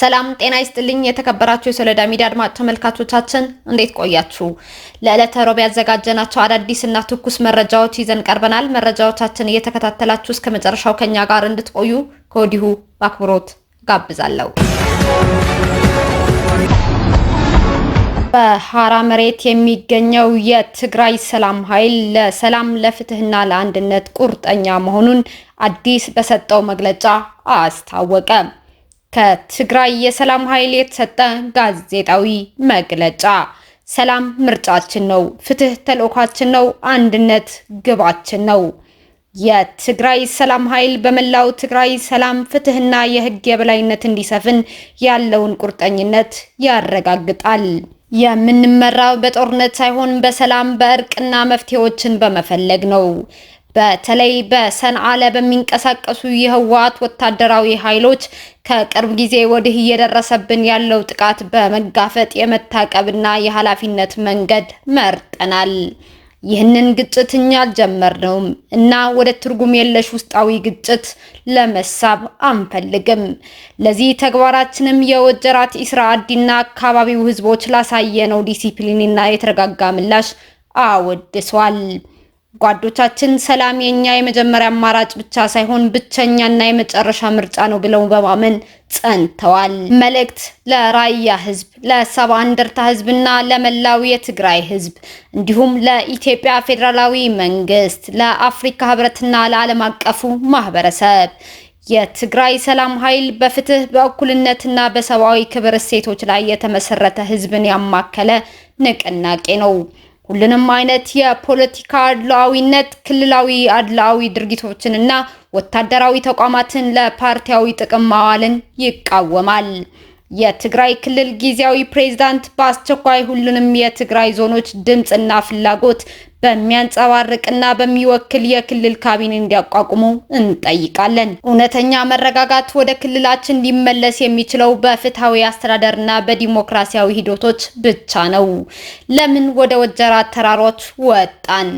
ሰላም ጤና ይስጥልኝ። የተከበራችሁ የሶሎዳ ሚዲያ አድማጭ ተመልካቾቻችን እንዴት ቆያችሁ? ለዕለተ ሮብ ያዘጋጀናቸው አዳዲስ እና ትኩስ መረጃዎች ይዘን ቀርበናል። መረጃዎቻችን እየተከታተላችሁ እስከ መጨረሻው ከኛ ጋር እንድትቆዩ ከወዲሁ በአክብሮት ጋብዛለሁ። በሐራ መሬት የሚገኘው የትግራይ ሰላም ኃይል ለሰላም ለፍትህና ለአንድነት ቁርጠኛ መሆኑን አዲስ በሰጠው መግለጫ አስታወቀ። ከትግራይ የሰላም ኃይል የተሰጠ ጋዜጣዊ መግለጫ። ሰላም ምርጫችን ነው፣ ፍትህ ተልዕኳችን ነው፣ አንድነት ግባችን ነው። የትግራይ ሰላም ኃይል በመላው ትግራይ ሰላም፣ ፍትህና የህግ የበላይነት እንዲሰፍን ያለውን ቁርጠኝነት ያረጋግጣል። የምንመራው በጦርነት ሳይሆን በሰላም በእርቅና መፍትሄዎችን በመፈለግ ነው። በተለይ በሰንዓ በሚንቀሳቀሱ የህወሓት ወታደራዊ ኃይሎች ከቅርብ ጊዜ ወዲህ እየደረሰብን ያለው ጥቃት በመጋፈጥ የመታቀብና የኃላፊነት መንገድ መርጠናል። ይህንን ግጭት እኛ አልጀመርነውም እና ወደ ትርጉም የለሽ ውስጣዊ ግጭት ለመሳብ አንፈልግም። ለዚህ ተግባራችንም የወጀራት ኢስራ አዲና አካባቢው ህዝቦች ላሳየነው ዲሲፕሊንና የተረጋጋ ምላሽ አወድሷል። ጓዶቻችን ሰላም የኛ የመጀመሪያ አማራጭ ብቻ ሳይሆን ብቸኛና የመጨረሻ ምርጫ ነው ብለው በማመን ጸንተዋል። መልእክት ለራያ ህዝብ፣ ለሰባ እንደርታ ህዝብና ለመላው የትግራይ ህዝብ እንዲሁም ለኢትዮጵያ ፌዴራላዊ መንግስት፣ ለአፍሪካ ህብረትና ለዓለም አቀፉ ማህበረሰብ የትግራይ ሰላም ኃይል በፍትህ በእኩልነትና በሰብአዊ ክብር እሴቶች ላይ የተመሰረተ ህዝብን ያማከለ ንቅናቄ ነው። ሁሉንም አይነት የፖለቲካ አድላዊነት፣ ክልላዊ አድላዊ ድርጊቶችንና ወታደራዊ ተቋማትን ለፓርቲያዊ ጥቅም ማዋልን ይቃወማል። የትግራይ ክልል ጊዜያዊ ፕሬዝዳንት በአስቸኳይ ሁሉንም የትግራይ ዞኖች ድምፅና ፍላጎት በሚያንጸባርቅና በሚወክል የክልል ካቢኔ እንዲያቋቁሙ እንጠይቃለን። እውነተኛ መረጋጋት ወደ ክልላችን ሊመለስ የሚችለው በፍትሐዊ አስተዳደርና በዲሞክራሲያዊ ሂደቶች ብቻ ነው። ለምን ወደ ወጀራ ተራሮች ወጣን?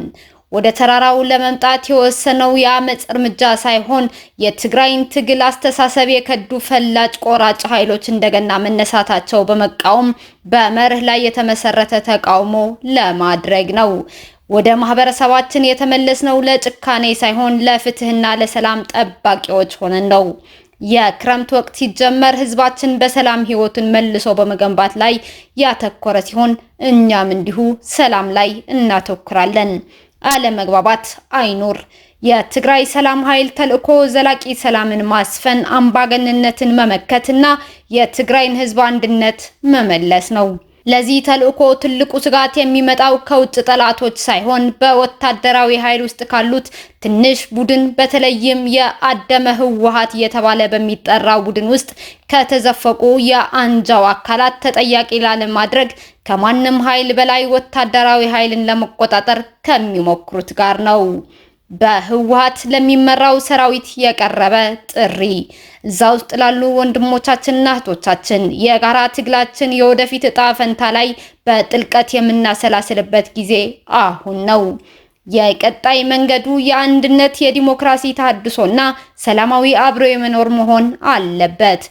ወደ ተራራው ለመምጣት የወሰነው የአመፅ እርምጃ ሳይሆን የትግራይን ትግል አስተሳሰብ የከዱ ፈላጭ ቆራጭ ኃይሎች እንደገና መነሳታቸው በመቃወም በመርህ ላይ የተመሰረተ ተቃውሞ ለማድረግ ነው። ወደ ማህበረሰባችን የተመለስነው ለጭካኔ ሳይሆን ለፍትህና ለሰላም ጠባቂዎች ሆነን ነው። የክረምት ወቅት ሲጀመር ህዝባችን በሰላም ህይወቱን መልሶ በመገንባት ላይ ያተኮረ ሲሆን እኛም እንዲሁ ሰላም ላይ እናተኩራለን። አለመግባባት አይኑር። የትግራይ ሰላም ኃይል ተልዕኮ ዘላቂ ሰላምን ማስፈን፣ አምባገንነትን መመከት እና የትግራይን ህዝብ አንድነት መመለስ ነው። ለዚህ ተልእኮ ትልቁ ስጋት የሚመጣው ከውጭ ጠላቶች ሳይሆን በወታደራዊ ኃይል ውስጥ ካሉት ትንሽ ቡድን በተለይም የአደመ ህወሓት እየተባለ በሚጠራው ቡድን ውስጥ ከተዘፈቁ የአንጃው አካላት ተጠያቂ ላለማድረግ ከማንም ኃይል በላይ ወታደራዊ ኃይልን ለመቆጣጠር ከሚሞክሩት ጋር ነው። በህወሀት ለሚመራው ሰራዊት የቀረበ ጥሪ እዛ ውስጥ ላሉ ወንድሞቻችንና እህቶቻችን የጋራ ትግላችን የወደፊት እጣ ፈንታ ላይ በጥልቀት የምናሰላስልበት ጊዜ አሁን ነው። የቀጣይ መንገዱ የአንድነት የዲሞክራሲ ታድሶና ሰላማዊ አብሮ የመኖር መሆን አለበት።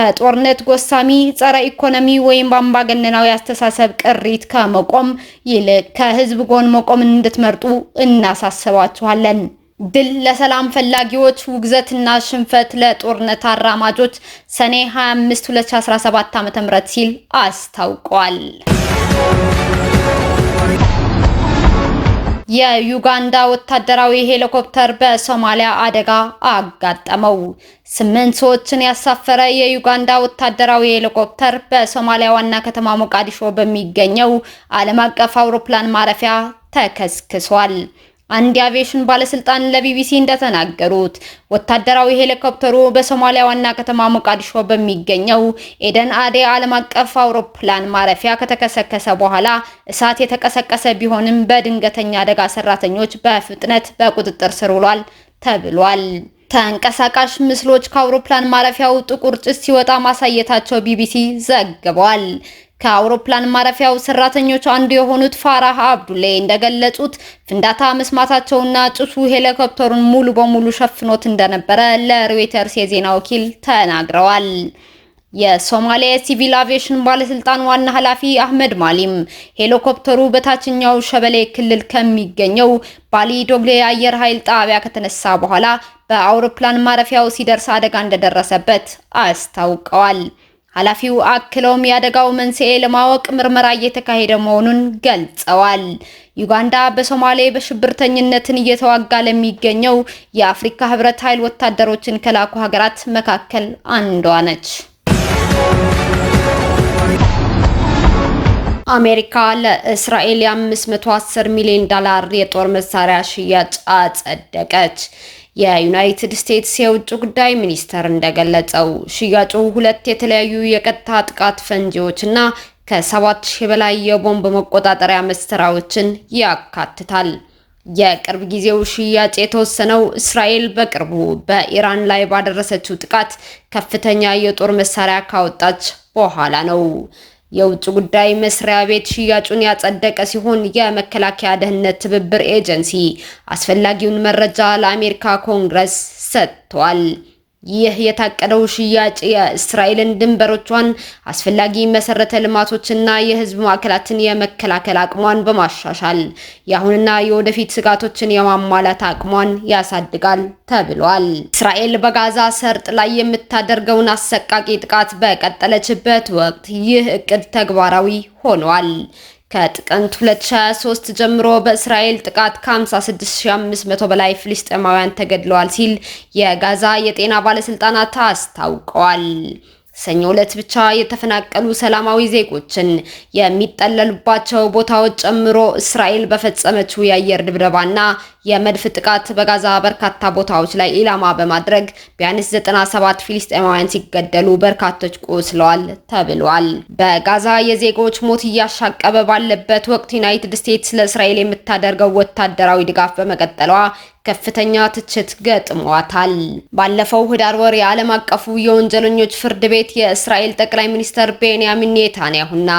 ከጦርነት ጎሳሚ ጸረ ኢኮኖሚ ወይም በአምባገነናዊ አስተሳሰብ ቅሪት ከመቆም ይልቅ ከህዝብ ጎን መቆም እንድትመርጡ እናሳስባችኋለን። ድል ለሰላም ፈላጊዎች፣ ውግዘትና ሽንፈት ለጦርነት አራማጆች ሰኔ 25 2017 ዓ.ም ሲል አስታውቋል። የዩጋንዳ ወታደራዊ ሄሊኮፕተር በሶማሊያ አደጋ አጋጠመው። ስምንት ሰዎችን ያሳፈረ የዩጋንዳ ወታደራዊ ሄሊኮፕተር በሶማሊያ ዋና ከተማ ሞቃዲሾ በሚገኘው ዓለም አቀፍ አውሮፕላን ማረፊያ ተከስክሷል። አንድ የአቪዬሽን ባለስልጣን ለቢቢሲ እንደተናገሩት ወታደራዊ ሄሊኮፕተሩ በሶማሊያ ዋና ከተማ ሞቃዲሾ በሚገኘው ኤደን አዴ ዓለም አቀፍ አውሮፕላን ማረፊያ ከተከሰከሰ በኋላ እሳት የተቀሰቀሰ ቢሆንም በድንገተኛ አደጋ ሰራተኞች በፍጥነት በቁጥጥር ስር ውሏል ተብሏል። ተንቀሳቃሽ ምስሎች ከአውሮፕላን ማረፊያው ጥቁር ጭስ ሲወጣ ማሳየታቸው ቢቢሲ ዘግቧል። ከአውሮፕላን ማረፊያው ሰራተኞች አንዱ የሆኑት ፋራህ አብዱሌ እንደገለጹት ፍንዳታ መስማታቸውና ጭሱ ሄሊኮፕተሩን ሙሉ በሙሉ ሸፍኖት እንደነበረ ለሮይተርስ የዜና ወኪል ተናግረዋል። የሶማሊያ ሲቪል አቪዬሽን ባለስልጣን ዋና ኃላፊ አህመድ ማሊም ሄሊኮፕተሩ በታችኛው ሸበሌ ክልል ከሚገኘው ባሊ ዶግሌ አየር ኃይል ጣቢያ ከተነሳ በኋላ በአውሮፕላን ማረፊያው ሲደርስ አደጋ እንደደረሰበት አስታውቀዋል። ኃላፊው አክለውም የአደጋው መንስኤ ለማወቅ ምርመራ እየተካሄደ መሆኑን ገልጸዋል። ዩጋንዳ በሶማሌ በሽብርተኝነትን እየተዋጋ ለሚገኘው የአፍሪካ ህብረት ኃይል ወታደሮችን ከላኩ ሀገራት መካከል አንዷ ነች። አሜሪካ ለእስራኤል የ510 ሚሊዮን ዶላር የጦር መሳሪያ ሽያጭ አጸደቀች። የዩናይትድ ስቴትስ የውጭ ጉዳይ ሚኒስተር እንደገለጸው ሽያጩ ሁለት የተለያዩ የቀጥታ ጥቃት ፈንጂዎች እና ከሰባት ሺህ በላይ የቦምብ መቆጣጠሪያ መሳሪያዎችን ያካትታል። የቅርብ ጊዜው ሽያጭ የተወሰነው እስራኤል በቅርቡ በኢራን ላይ ባደረሰችው ጥቃት ከፍተኛ የጦር መሳሪያ ካወጣች በኋላ ነው። የውጭ ጉዳይ መስሪያ ቤት ሽያጩን ያጸደቀ ሲሆን የመከላከያ ደህንነት ትብብር ኤጀንሲ አስፈላጊውን መረጃ ለአሜሪካ ኮንግረስ ሰጥቷል። ይህ የታቀደው ሽያጭ የእስራኤልን ድንበሮቿን አስፈላጊ መሰረተ ልማቶችና የህዝብ ማዕከላትን የመከላከል አቅሟን በማሻሻል የአሁንና የወደፊት ስጋቶችን የማሟላት አቅሟን ያሳድጋል ተብሏል። እስራኤል በጋዛ ሰርጥ ላይ የምታደርገውን አሰቃቂ ጥቃት በቀጠለችበት ወቅት ይህ እቅድ ተግባራዊ ሆኗል። ከጥቅምት 2023 ጀምሮ በእስራኤል ጥቃት ከ56500 በላይ ፍልስጤማውያን ተገድለዋል ሲል የጋዛ የጤና ባለስልጣናት አስታውቀዋል። ሰኞ ዕለት ብቻ የተፈናቀሉ ሰላማዊ ዜጎችን የሚጠለሉባቸው ቦታዎች ጨምሮ እስራኤል በፈጸመችው የአየር ድብደባና የመድፍ ጥቃት በጋዛ በርካታ ቦታዎች ላይ ኢላማ በማድረግ ቢያንስ 97 ፊልስጤማውያን ሲገደሉ በርካቶች ቆስለዋል ተብሏል። በጋዛ የዜጎች ሞት እያሻቀበ ባለበት ወቅት ዩናይትድ ስቴትስ ለእስራኤል የምታደርገው ወታደራዊ ድጋፍ በመቀጠሏ ከፍተኛ ትችት ገጥሟታል። ባለፈው ህዳር ወር የዓለም አቀፉ የወንጀለኞች ፍርድ ቤት የእስራኤል ጠቅላይ ሚኒስትር ቤንያሚን ኔታንያሁና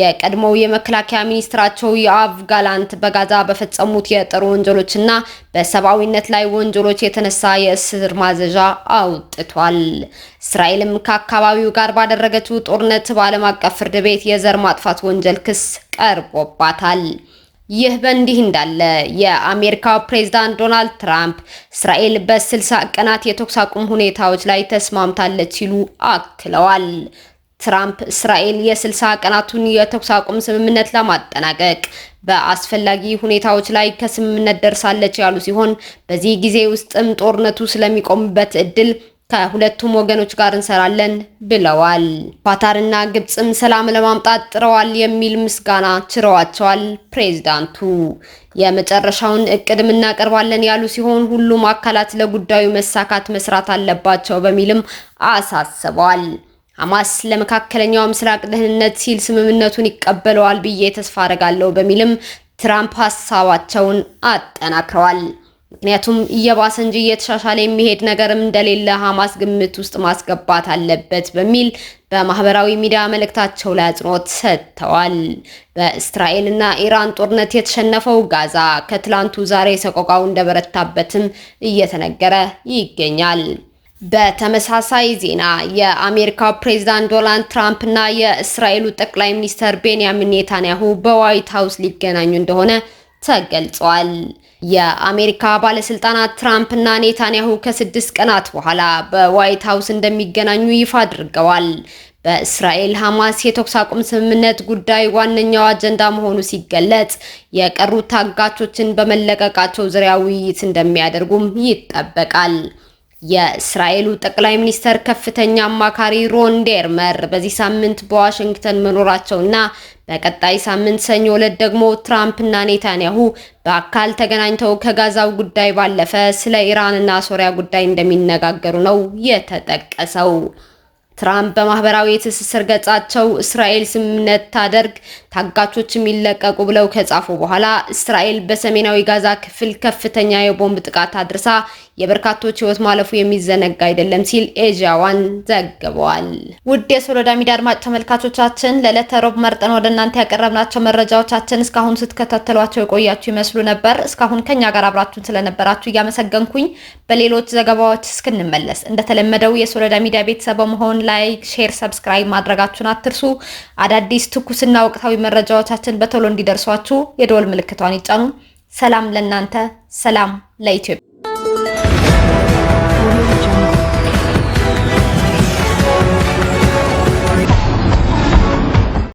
የቀድሞው የመከላከያ ሚኒስትራቸው የአብ ጋላንት በጋዛ በፈጸሙት የጦር ወንጀሎችና በሰብአዊነት ላይ ወንጀሎች የተነሳ የእስር ማዘዣ አውጥቷል። እስራኤልም ከአካባቢው ጋር ባደረገችው ጦርነት በዓለም አቀፍ ፍርድ ቤት የዘር ማጥፋት ወንጀል ክስ ቀርቦባታል። ይህ በእንዲህ እንዳለ የአሜሪካው ፕሬዝዳንት ዶናልድ ትራምፕ እስራኤል በስልሳ ቀናት የተኩስ አቁም ሁኔታዎች ላይ ተስማምታለች ሲሉ አክለዋል። ትራምፕ እስራኤል የስልሳ ቀናቱን የተኩስ አቁም ስምምነት ለማጠናቀቅ በአስፈላጊ ሁኔታዎች ላይ ከስምምነት ደርሳለች ያሉ ሲሆን በዚህ ጊዜ ውስጥም ጦርነቱ ስለሚቆምበት እድል ከሁለቱም ወገኖች ጋር እንሰራለን ብለዋል። ኳታርና ግብፅም ሰላም ለማምጣት ጥረዋል የሚል ምስጋና ችረዋቸዋል። ፕሬዚዳንቱ የመጨረሻውን እቅድም እናቀርባለን ያሉ ሲሆን ሁሉም አካላት ለጉዳዩ መሳካት መስራት አለባቸው በሚልም አሳስበዋል። ሐማስ ለመካከለኛው ምስራቅ ደህንነት ሲል ስምምነቱን ይቀበለዋል ብዬ ተስፋ አደርጋለሁ በሚልም ትራምፕ ሀሳባቸውን አጠናክረዋል። ምክንያቱም እየባሰ እንጂ እየተሻሻለ የሚሄድ ነገርም እንደሌለ ሀማስ ግምት ውስጥ ማስገባት አለበት በሚል በማህበራዊ ሚዲያ መልእክታቸው ላይ አጽንኦት ሰጥተዋል። በእስራኤልና ኢራን ጦርነት የተሸነፈው ጋዛ ከትላንቱ ዛሬ ሰቆቃው እንደበረታበትም እየተነገረ ይገኛል። በተመሳሳይ ዜና የአሜሪካው ፕሬዝዳንት ዶናልድ ትራምፕ እና የእስራኤሉ ጠቅላይ ሚኒስትር ቤንያሚን ኔታንያሁ በዋይት ሀውስ ሊገናኙ እንደሆነ ተገልጿል። የአሜሪካ ባለስልጣናት ትራምፕና ኔታንያሁ ከስድስት ቀናት በኋላ በዋይት ሀውስ እንደሚገናኙ ይፋ አድርገዋል። በእስራኤል ሐማስ የተኩስ አቁም ስምምነት ጉዳይ ዋነኛው አጀንዳ መሆኑ ሲገለጽ የቀሩት ታጋቾችን በመለቀቃቸው ዙሪያ ውይይት እንደሚያደርጉም ይጠበቃል። የእስራኤሉ ጠቅላይ ሚኒስተር ከፍተኛ አማካሪ ሮን ዴርመር በዚህ ሳምንት በዋሽንግተን መኖራቸውና በቀጣይ ሳምንት ሰኞ ዕለት ደግሞ ትራምፕና ኔታንያሁ በአካል ተገናኝተው ከጋዛው ጉዳይ ባለፈ ስለ ኢራንና ሶሪያ ጉዳይ እንደሚነጋገሩ ነው የተጠቀሰው። ትራምፕ በማህበራዊ የትስስር ገጻቸው እስራኤል ስምምነት ታደርግ ታጋቾች የሚለቀቁ ብለው ከጻፉ በኋላ እስራኤል በሰሜናዊ ጋዛ ክፍል ከፍተኛ የቦምብ ጥቃት አድርሳ የበርካቶች ሕይወት ማለፉ የሚዘነጋ አይደለም ሲል ኤዥያ ዋን ውድ የሶሎዳ ሚዲያ አድማጭ ተመልካቾቻችን ለዕለተ ሮብ መርጠን ወደ እናንተ ያቀረብናቸው መረጃዎቻችን እስካሁን ስትከታተሏቸው የቆያችሁ ይመስሉ ነበር። እስካሁን ከኛ ጋር አብራችሁን ስለነበራችሁ እያመሰገንኩኝ በሌሎች ዘገባዎች እስክንመለስ እንደተለመደው የሶሎዳ ሚዲያ ቤተሰብ በመሆን ላይክ፣ ሼር፣ ሰብስክራይብ ማድረጋችሁን አትርሱ። አዳዲስ ትኩስና ወቅታዊ መረጃዎቻችን በቶሎ እንዲደርሷችሁ የደወል ምልክቷን ይጫኑ። ሰላም ለእናንተ፣ ሰላም ለኢትዮጵያ።